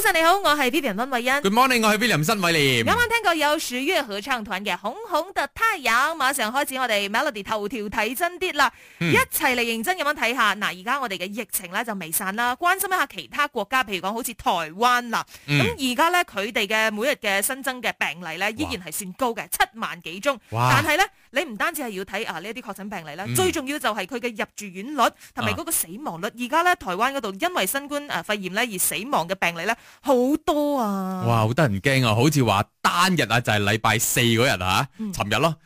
早晨你好，我係 Vivian 溫慧欣。Good morning，我係 Vivian 新偉廉。啱啱聽過有鼠約合唱團嘅《紅紅特太陽》，馬上開始我哋 Melody 頭條睇真啲啦，嗯、一齊嚟認真咁樣睇下。嗱，而家我哋嘅疫情咧就未散啦，關心一下其他國家，譬如講好似台灣啦。咁而家咧佢哋嘅每日嘅新增嘅病例咧，依然係算高嘅，哇七萬幾宗。哇但係咧。你唔單止係要睇啊呢一啲確診病例啦，嗯、最重要就係佢嘅入住院率同埋嗰個死亡率。而家咧台灣嗰度因為新冠啊肺炎咧而死亡嘅病例咧好多啊！哇，好得人驚啊！好似話單日啊就係禮拜四嗰日啊，尋、嗯、日咯。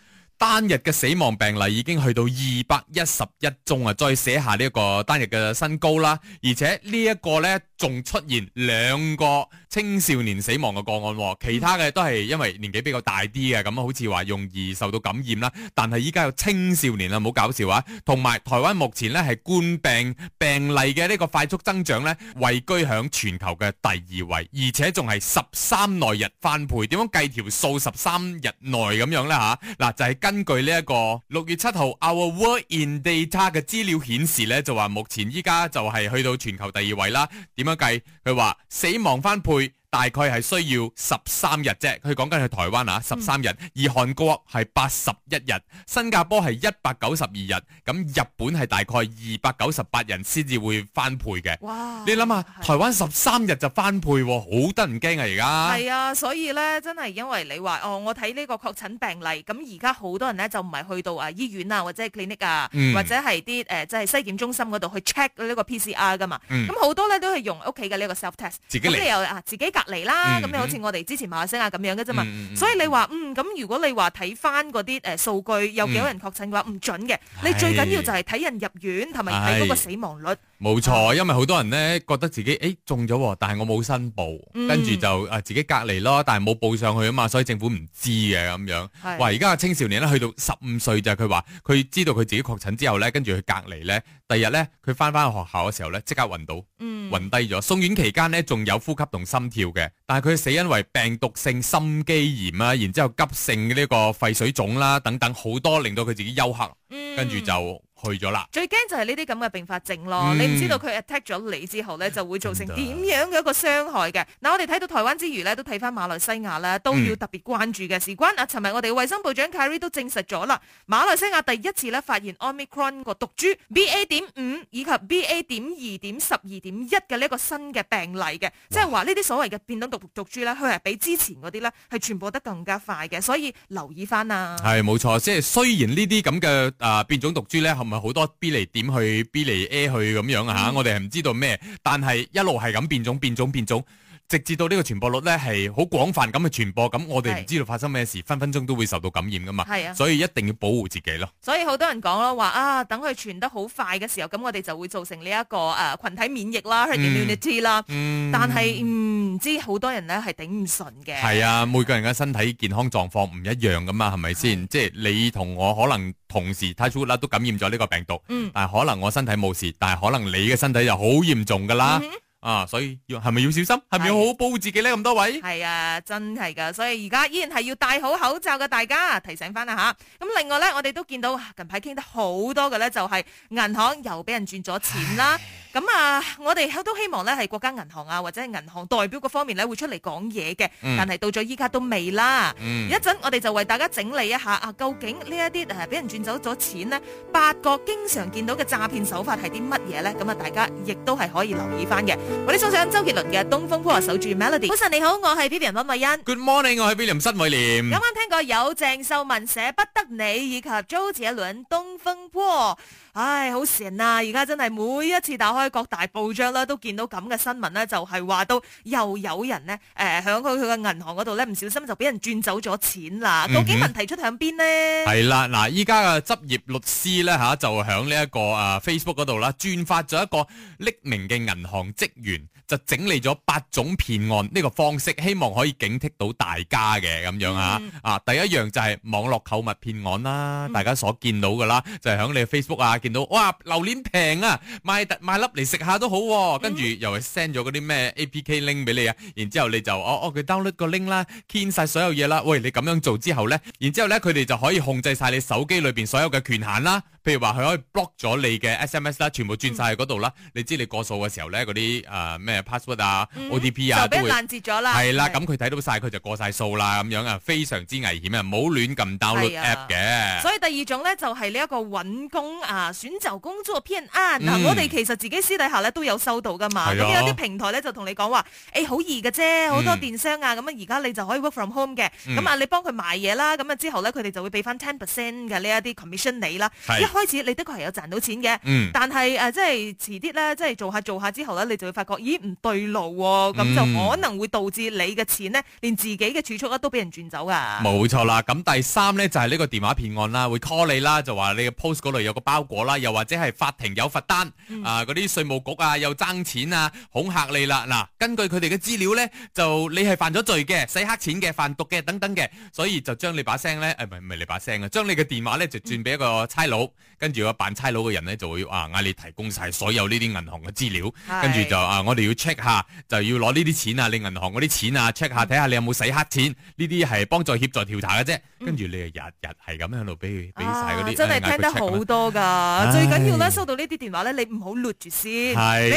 單日嘅死亡病例已經去到二百一十一宗啊！再寫下呢一個單日嘅新高啦，而且呢一個呢，仲出現兩個青少年死亡嘅個案，其他嘅都係因為年紀比較大啲嘅，咁好似話容易受到感染啦。但係依家有青少年啊，冇搞笑啊！同埋台灣目前呢，係冠病病例嘅呢個快速增長呢，位居響全球嘅第二位，而且仲係十三內日翻倍。點樣計條數？十三日內咁樣呢？吓，嗱，就係跟。根據呢一個六月七號 Our World in Data 嘅資料顯示呢，就話目前依家就係去到全球第二位啦。點樣計？佢話死亡翻倍。大概係需要十三日啫，佢講緊係台灣啊，十三日，嗯、而韓國係八十一日，新加坡係一百九十二日，咁日本係大概二百九十八人先至會翻倍嘅。哇！你諗下，的台灣十三日就翻倍，啊，好得人驚啊！而家係啊，所以咧，真係因為你話哦，我睇呢個確診病例，咁而家好多人咧就唔係去到啊醫院啊或者 clinic 啊，或者係啲誒即係西檢中心嗰度去 check 呢個 PCR 噶嘛，咁好、嗯、多咧都係用屋企嘅呢個 self test，咁你又啊自己嚟啦，咁你好似我哋之前馬生啊咁樣嘅啫嘛，嗯嗯所以你話嗯咁，如果你話睇翻嗰啲誒數據有幾多人確診嘅話，唔、嗯、準嘅，你最緊要就係睇人入院同埋睇嗰個死亡率。嗯嗯嗯。冇錯，因為好多人呢，覺得自己誒、欸、中咗，但係我冇申報，跟住、嗯、就誒自己隔離咯，但係冇報上去啊嘛，所以政府唔知嘅咁樣。哇是，而家個青少年呢，去到十五歲就佢話佢知道佢自己確診之後呢，跟住佢隔離呢，第日呢，佢翻翻學校嘅時候呢，即刻暈倒，暈低咗。嗯、送院期間呢，仲有呼吸同心跳嘅，但係佢死因為病毒性心肌炎啊，然之後急性嘅呢個肺水腫啦，等等好多令到佢自己休克，嗯、跟住就。去咗啦！最驚就係呢啲咁嘅併發症咯，嗯、你唔知道佢 attack 咗你之後咧，就會造成點樣嘅一個傷害嘅。嗱的，我哋睇到台灣之餘咧，都睇翻馬來西亞咧，都要特別關注嘅。事關啊，尋日我哋衛生部長 Kari 都證實咗啦，馬來西亞第一次咧發現 omicron 個毒株 BA. 點五以及 BA. 點二點十二點一嘅呢一個新嘅病例嘅，哇即係話呢啲所謂嘅變種毒毒株咧，佢係比之前嗰啲咧係傳播得更加快嘅，所以留意翻啊！係冇錯，即係雖然呢啲咁嘅啊變種毒株咧，咪好多 B 嚟點去 B 嚟 A 去咁樣、嗯、啊，我哋係唔知道咩，但係一路係咁變種變種變種。變種變種直至到呢個傳播率咧係好廣泛咁去傳播，咁我哋唔知道發生咩事，分分鐘都會受到感染噶嘛。係啊，所以一定要保護自己咯。所以好多人講咯，話啊，等佢傳得好快嘅時候，咁我哋就會造成呢一個誒群體免疫啦，言論你知啦。嗯。但係唔知好多人咧係頂唔順嘅。係啊，每個人嘅身體健康狀況唔一樣噶嘛，係咪先？即係你同我可能同時 touch 嗰粒都感染咗呢個病毒。嗯。但係可能我身體冇事，但係可能你嘅身體就好嚴重㗎啦。哼哼。啊，所以要係咪要小心，係咪要好好保護自己呢？咁多位係啊，真係噶，所以而家依然係要戴好口罩嘅大家提醒翻啦吓。咁另外呢，我哋都見到近排傾得好多嘅呢，就係銀行又俾人轉咗錢啦。咁啊，我哋都希望咧係國家銀行啊，或者係銀行代表嗰方面咧會出嚟講嘢嘅，嗯、但係到咗依家都未啦。一陣、嗯、我哋就為大家整理一下啊，究竟呢一啲誒俾人轉走咗錢呢，八個經常見到嘅詐騙手法係啲乜嘢呢？咁啊，大家亦都係可以留意翻嘅。我哋送上周杰倫嘅《東風破》守住 Melody。早晨你好，我係 b i l e y 文慧欣。Good morning，我係 Billy 溫失美廉。啱啱聽過有鄭秀文捨不得你以及周杰倫《東風破》。唉、哎，好煩啊！而家真係每一次打開各大報章啦、啊，都見到咁嘅新聞呢、啊，就係、是、話到又有人呢，誒響佢佢嘅銀行嗰度呢，唔小心就俾人轉走咗錢啦。究竟問題出響邊呢？係啦、嗯嗯，嗱，依家嘅執業律師呢，嚇就響呢一個啊 Facebook 嗰度啦，轉發咗一個匿名嘅銀行職員就整理咗八種騙案呢個方式，希望可以警惕到大家嘅咁樣嚇、嗯、啊！第一樣就係網絡購物騙案啦，嗯、大家所見到嘅啦，就係、是、響你 Facebook 啊～見到哇，榴蓮平啊，賣特賣，粒嚟食下都好、啊，跟住又係 send 咗嗰啲咩 A P K link 俾你啊，然之後你就哦哦佢 download 個 link 啦，簽晒所有嘢啦，喂，你咁樣做之後咧，然之後咧佢哋就可以控制晒你手機裏邊所有嘅權限啦。譬如話佢可以 block 咗你嘅 SMS 啦，全部轉晒去嗰度啦。你知你過數嘅時候咧，嗰啲誒咩 password 啊、OTP 啊，就俾攔截咗啦。係啦，咁佢睇到晒，佢就過晒數啦。咁樣啊，非常之危險啊，唔好亂撳 download app 嘅。所以第二種咧就係你一個搵工啊，選擇工作偏啊。嗱，我哋其實自己私底下咧都有收到噶嘛。有啲平台咧就同你講話，誒好易嘅啫，好多電商啊，咁啊而家你就可以 work from home 嘅。咁啊，你幫佢買嘢啦，咁啊之後咧佢哋就會俾翻 ten percent 嘅呢一啲 commission 你啦。開始你的確係有賺到錢嘅，嗯、但係誒，即係遲啲咧，即係做下做下之後咧，你就會發覺咦唔對路喎，哦、咁、嗯、就可能會導致你嘅錢呢，連自己嘅儲蓄啊都俾人轉走噶。冇錯啦，咁第三呢就係呢個電話騙案啦，會 call 你啦，就話你 post 嗰度有個包裹啦，又或者係法庭有罰單，啊嗰啲稅務局啊又爭錢啊，恐吓你啦。嗱，根據佢哋嘅資料呢，就你係犯咗罪嘅，洗黑錢嘅，販毒嘅等等嘅，所以就將你把聲呢，誒唔係唔係你、哎、把聲啊，將你嘅電話呢， 就轉俾一個差佬。跟住話扮差佬嘅人咧，就會話嗌你提供晒所有呢啲銀行嘅資料，跟住就啊，我哋要 check 下，就要攞呢啲錢啊，你銀行嗰啲錢啊，check 下睇下你有冇使黑錢，呢啲係幫助協助調查嘅啫。跟住你日日係咁喺度俾俾晒嗰啲，真係聽得好多噶。最緊要咧，收到呢啲電話咧，你唔好擸住先。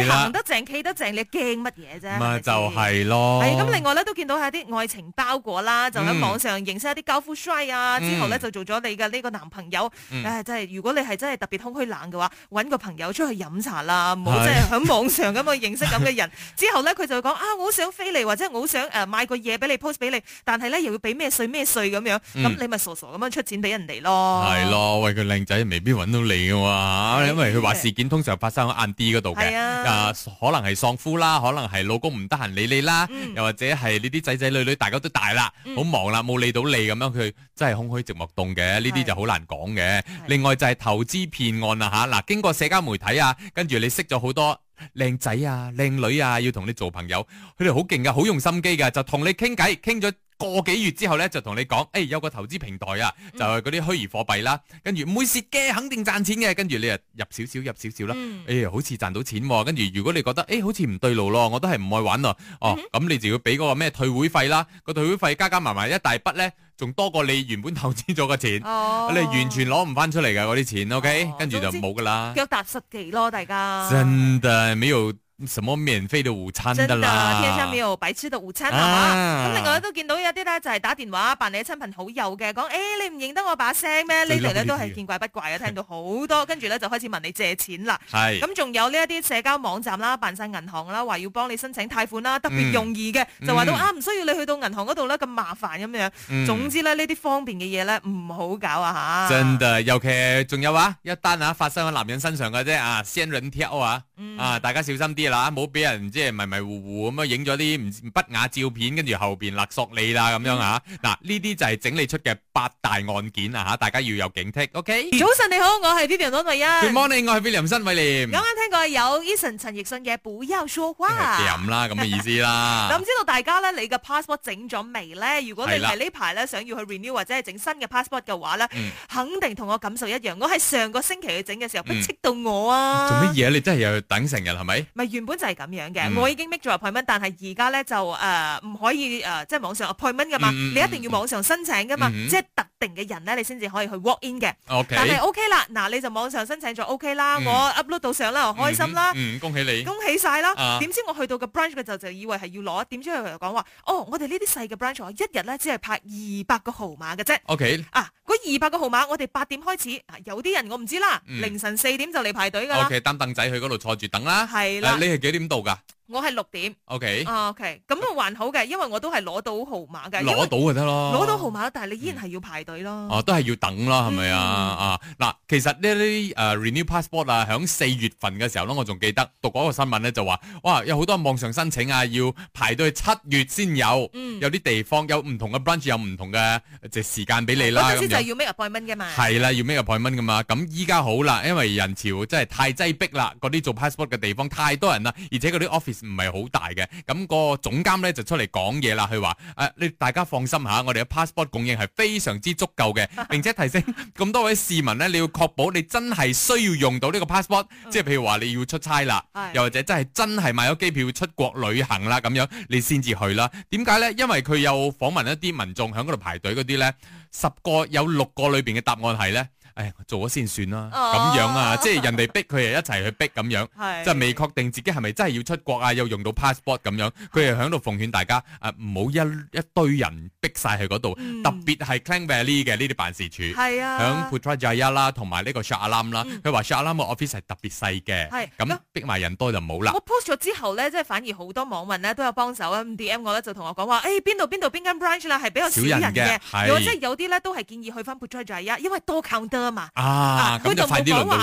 你行得正企得正，你驚乜嘢啫？咪就係咯。咁，另外咧都見到係啲愛情包裹啦，就喺網上認識一啲高富帥啊，之後咧就做咗你嘅呢個男朋友。真係如果。你係真係特別空虛冷嘅話，揾個朋友出去飲茶啦，唔好即係喺網上咁去認識咁嘅人。 之後咧，佢就講啊，我好想飛嚟，或者我好想誒買個嘢俾你 post 俾你，但係咧又要俾咩稅咩稅咁樣，咁你咪傻傻咁樣出錢俾人哋咯。係咯，喂，個靚仔未必揾到你嘅喎、啊，的因為佢話事件通常發生喺暗啲嗰度嘅，可能係喪夫啦，可能係老公唔得閒理你啦，嗯、又或者係你啲仔仔女女大家都大啦，好、嗯、忙啦，冇理到你咁樣，佢真係空虛寂寞凍嘅，呢啲就好難講嘅。另外就係、是。投資騙案啊，吓，嗱，經過社交媒體啊，跟住你識咗好多靚仔啊、靚女啊，要同你做朋友，佢哋好勁噶，好用心機噶，就同你傾偈，傾咗個幾月之後呢，就同你講，誒、欸，有個投資平台啊，就係嗰啲虛擬貨幣啦，跟住唔會蝕嘅，肯定賺錢嘅，跟住你啊，入少少入少少啦，誒、嗯欸，好似賺到錢、啊，跟住如果你覺得誒、欸、好似唔對路咯，我都係唔愛玩咯、啊，哦，咁、嗯哼啊、你就要俾嗰個咩退會費啦、啊，個退會費加加埋埋一大筆呢。仲多過你原本投資咗嘅錢，oh. 你完全攞唔返出嚟嘅嗰啲錢，OK？Oh. 跟住就冇㗎喇，腳踏實地咯，大家。真係，沒有。什麼免費的午餐的啦？天上沒有白吃的午餐，係 嘛？咁、啊啊、另外都見到有啲咧，就係打電話扮你親朋好友嘅，講誒、欸，你唔認得我把聲咩？呢度咧都係見怪不怪啊！聽到好多，跟住咧就開始問你借錢啦。係咁，仲 有呢一啲社交網站啦，辦晒銀行啦，話要幫你申請貸款啦，特別容易嘅，嗯、就話到、嗯、啊，唔需要你去到銀行嗰度咧咁麻煩咁樣。總之咧，呢啲方便嘅嘢咧唔好搞啊吓！啊真嘅，尤其仲有啊，一單啊發生喺男人身上嘅啫啊，仙人跳啊！啊！大家小心啲啦，唔好俾人即係迷迷糊糊咁樣影咗啲唔不雅照片，跟住後邊勒索你啦咁樣吓。嗱、啊，呢啲就係整理出嘅八大案件啊吓，大家要有警惕。OK，早晨你好，我係 William 李慧欣。Good morning，我係 William 申偉廉。啱啱聽過有 Eason 陳奕迅嘅不要說話。飲、欸、啦，咁嘅意思啦。咁 知道大家咧，你嘅 passport 整咗未咧？如果你係呢排咧，想要去 renew 或者係整新嘅 passport 嘅話咧，的肯定同我感受一樣。我喺上個星期去整嘅時候，都戚、嗯、到我啊！做乜嘢？你真係有～等成日係咪？唔係，原本就係咁樣嘅，嗯、我已經 make 咗 appointment，但係而家咧就誒唔、呃、可以誒，即、呃、係、就是、網上 appointment 噶嘛，嗯嗯嗯嗯你一定要網上申請噶嘛，即係特。嘅人咧，你先至可以去 walk in 嘅。但係 OK 啦，嗱，你就網上申請咗 OK 啦，我 upload 到相啦，我開心啦。嗯，恭喜你，恭喜晒啦。點知我去到個 branch 嘅就就以為係要攞，點知佢就講話，哦，我哋呢啲細嘅 branch，我一日咧只係派二百個號碼嘅啫。OK，啊，嗰二百個號碼，我哋八點開始，有啲人我唔知啦，凌晨四點就嚟排隊噶啦。OK，擔凳仔去嗰度坐住等啦。係啦，你係幾點到噶？我係六點，OK，OK，咁都還好嘅，因為我都係攞到號碼嘅，攞到就得咯，攞到號碼，但係你依然係要排隊咯，哦、嗯啊，都係要等啦，係咪啊啊？嗱、嗯啊，其實呢啲誒 renew passport 啊，響四月份嘅時候咧，我仲記得讀過一個新聞咧，就話哇，有好多網上申請啊，要排隊七月先有，嗯、有啲地方有唔同嘅 branch 有唔同嘅即係時間俾你啦，咁、嗯啊、樣，即係要 make appointment 嘅嘛，係啦，要 make appointment 噶嘛，咁依家好啦，因為人潮真係太擠逼啦，嗰啲做 passport 嘅地方太多人啦，而且嗰啲 office。唔係好大嘅，咁、那個總監呢就出嚟講嘢啦。佢話：誒、呃，你大家放心吓，我哋嘅 passport 供應係非常之足夠嘅，並且提醒咁多位市民呢，你要確保你真係需要用到呢個 passport，即係譬如話你要出差啦，又或者真係真係買咗機票出國旅行啦咁樣，你先至去啦。點解呢？因為佢有訪問一啲民眾喺嗰度排隊嗰啲呢，十個有六個裏邊嘅答案係呢。哎，做咗先算啦，咁樣啊，即係人哋逼佢啊一齊去逼咁樣，即係未確定自己係咪真係要出國啊，又用到 passport 咁樣，佢係響度奉勸大家誒唔好一一堆人逼曬去嗰度，特別係 Klang Valley 嘅呢啲辦事處，係啊，響 Putrajaya 啦，同埋呢個 Shah Alam 啦，佢話 Shah Alam 嘅 office 係特別細嘅，咁逼埋人多就冇啦。我 post 咗之後咧，即係反而好多網民咧都有幫手啊，M D M 我咧就同我講話，誒邊度邊度邊間 branch 啦係比較少人嘅，又即係有啲咧都係建議去翻 Putrajaya，因為多 counter。啊嘛，啊佢就冇講話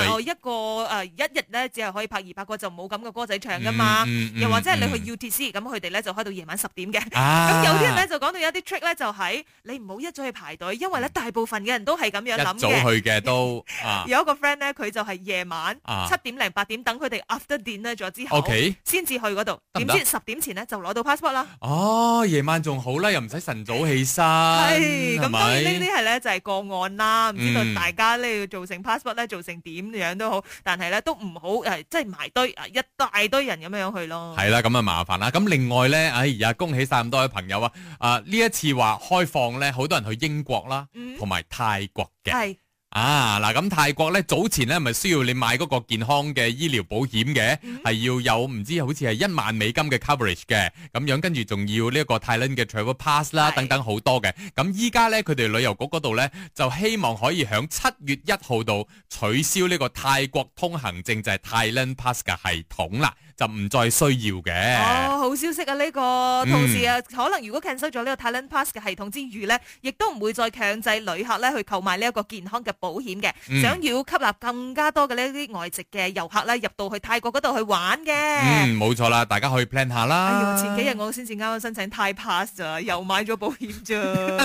哦，一個誒一日咧只係可以拍二百個，就冇咁嘅歌仔唱噶嘛，又或者係你去 UTC，咁佢哋咧就開到夜晚十點嘅，咁有啲人咧就講到有啲 trick 咧就喺你唔好一早去排隊，因為咧大部分嘅人都係咁樣諗嘅，一早去嘅都，有一個 friend 咧佢就係夜晚七點零八點等佢哋 after dinner 咗之後，先至去嗰度，點知十點前咧就攞到 passport 啦，哦夜晚仲好啦，又唔使晨早起身。係咁當然呢啲係咧就係個案啦，唔知道大家。你要做成 passport 咧，做成點樣都好，但係咧都唔好誒，即係埋堆啊，一大堆人咁樣樣去咯。係啦，咁啊麻煩啦。咁另外咧，哎呀，恭喜晒咁多位朋友啊！啊、呃，呢一次話開放咧，好多人去英國啦，同埋、嗯、泰國嘅。啊，嗱咁泰國呢，早前呢咪需要你買嗰個健康嘅醫療保險嘅，係、嗯、要有唔知好似係一萬美金嘅 coverage 嘅，咁樣跟住仲要呢一個泰倫嘅 travel pass 啦，是等等好多嘅。咁依家呢，佢哋旅遊局嗰度呢，就希望可以響七月一號度取消呢個泰國通行證就係、是、泰倫 pass 嘅系統啦。就唔再需要嘅。哦，好消息啊！呢、這個同時啊，嗯、可能如果 cancel 咗呢個泰 land pass 嘅系統之餘呢，亦都唔會再強制旅客呢去購買呢一個健康嘅保險嘅。嗯、想要吸納更加多嘅呢啲外籍嘅遊客呢，入到去泰國嗰度去玩嘅。嗯，冇錯啦，大家可以 plan 下啦。哎、前幾日我先至啱啱申請泰 pass 咋，又買咗保險咋。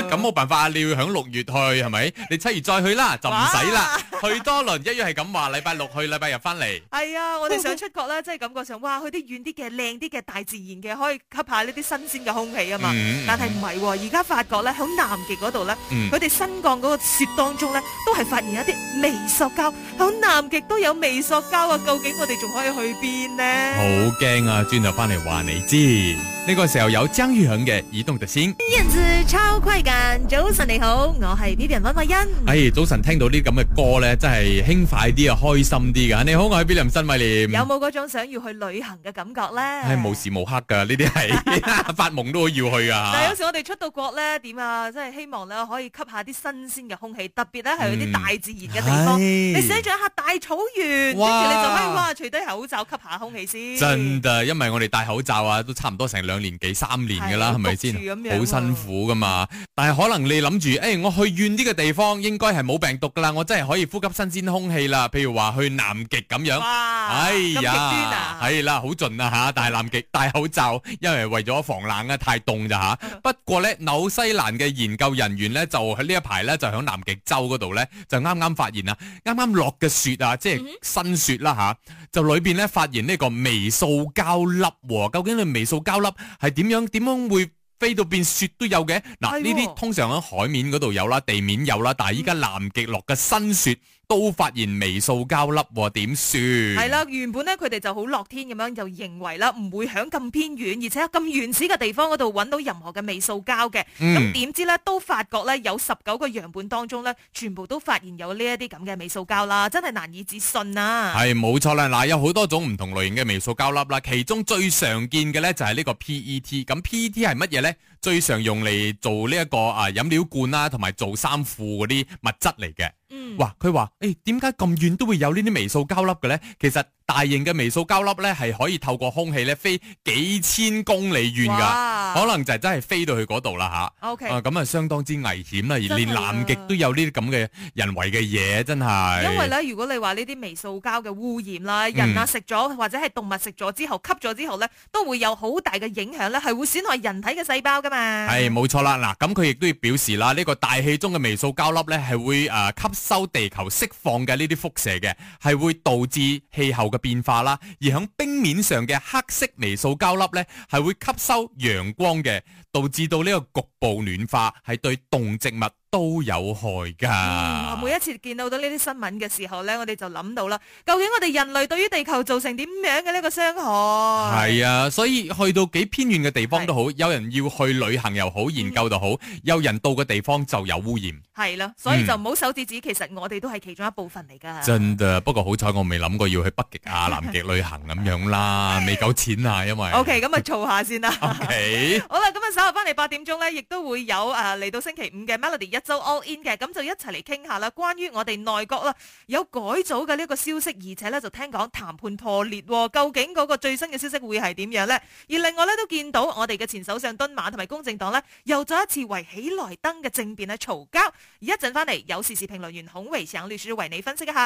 咁冇 辦法啊！你要響六月去係咪？你七月再去啦，就唔使啦。哇 去多輪一於係咁話，禮拜六去，禮拜日翻嚟。係啊、哎，我哋想出國啦，即係感覺上。話去啲遠啲嘅靚啲嘅大自然嘅，可以吸下呢啲新鮮嘅空氣啊嘛。嗯嗯、但係唔係喎，而家發覺咧，響南極嗰度咧，佢哋、嗯、新降嗰個雪當中咧，都係發現一啲微塑膠，響南極都有微塑膠啊！究竟我哋仲可以去邊呢？好驚啊！轉頭翻嚟話你知。呢個時候有張宇響嘅移動特先，啲人字超規勁，早晨你好，我係 B B 人溫慧欣。哎，早晨聽到呢咁嘅歌咧，真係輕快啲啊，開心啲噶。你好，我係 B B 人申偉廉。有冇嗰種想要去旅行嘅感覺咧？係無時無刻噶，呢啲係發夢都要去啊。但係有時我哋出到國咧，點啊？真係希望咧可以吸下啲新鮮嘅空氣，特別咧係去啲大自然嘅地方。你想象一下大草原，跟住你就可以哇，除低口罩吸下空氣先。真噶，因為我哋戴口罩啊，都差唔多成兩。年幾三年噶啦，係咪先？好吧辛苦噶嘛。 但係可能你諗住，誒、哎，我去遠啲嘅地方，應該係冇病毒噶啦，我真係可以呼吸新鮮空氣啦。譬如話去南極咁樣，哇哎呀，係啦、啊，好盡啊吓。但南極戴口罩，因為為咗防冷啊，太凍咋。吓。不過呢，紐西蘭嘅研究人員呢，就喺呢一排呢，就喺南極洲嗰度呢，就啱啱發現啦，啱啱落嘅雪啊，即係新雪啦吓。嗯就裏邊咧發現呢個微塑膠粒，哦、究竟呢微塑膠粒係點樣？點樣會飛到變雪都有嘅？嗱的，呢啲通常喺海面嗰度有啦，地面有啦，但係依家南極落嘅新雪。都發現微塑膠粒，點算？係啦，原本咧佢哋就好樂天咁樣，就認為啦唔會響咁偏遠，而且咁原始嘅地方嗰度揾到任何嘅微塑膠嘅。咁點、嗯、知咧都發覺咧有十九個樣本當中咧，全部都發現有呢一啲咁嘅微塑膠啦，真係難以置信啊！係冇錯啦，嗱有好多種唔同類型嘅微塑膠粒啦，其中最常見嘅咧就係、是、呢個 PET。咁 PET 係乜嘢咧？最常用嚟做呢一個啊飲料罐啦、啊，同埋做衫褲嗰啲物質嚟嘅。嗯，哇，佢話，誒、欸，點解咁遠都會有呢啲微塑膠粒嘅咧？其實。大型嘅微塑膠粒咧，係可以透過空氣咧飛幾千公里遠噶，可能就真係飛到去嗰度啦吓。O K，咁啊相當之危險啦，而連南極都有呢啲咁嘅人為嘅嘢，真係。因為咧，如果你話呢啲微塑膠嘅污染啦，人啊食咗或者係動物食咗之後吸咗之後咧，都會有好大嘅影響咧，係會損害人體嘅細胞噶嘛。係冇錯啦，嗱，咁佢亦都要表示啦，呢個大氣中嘅微塑膠粒咧係會誒吸收地球釋放嘅呢啲輻射嘅，係會導致氣候嘅。變化啦，而響冰面上嘅黑色微塑膠粒咧，係會吸收陽光嘅，導致到呢個局部暖化，係對動植物。都有害噶。每一次見到到呢啲新聞嘅時候咧，我哋就諗到啦。究竟我哋人類對於地球造成點樣嘅呢個傷害？係啊，所以去到幾偏遠嘅地方都好，有人要去旅行又好，研究都好，有人到嘅地方就有污染。係咯，所以就唔好手指指，其實我哋都係其中一部分嚟噶。真噶，不過好彩我未諗過要去北極啊、南極旅行咁樣啦，未夠錢啊，因為。OK，咁啊，儲下先啦。OK，好啦，咁啊，稍後翻嚟八點鐘咧，亦都會有誒嚟到星期五嘅 Melody 一。就周 all in 嘅，咁就一齊嚟傾下啦。關於我哋內閣啦，有改組嘅呢個消息，而且咧就聽講談判破裂，哦，究竟嗰個最新嘅消息會係點樣呢？而另外咧都見到我哋嘅前首相敦馬同埋公正黨呢，又再一次為喜來登嘅政變啊嘈交。而一陣翻嚟有時事，事評論員孔維祥律師為你分析一下。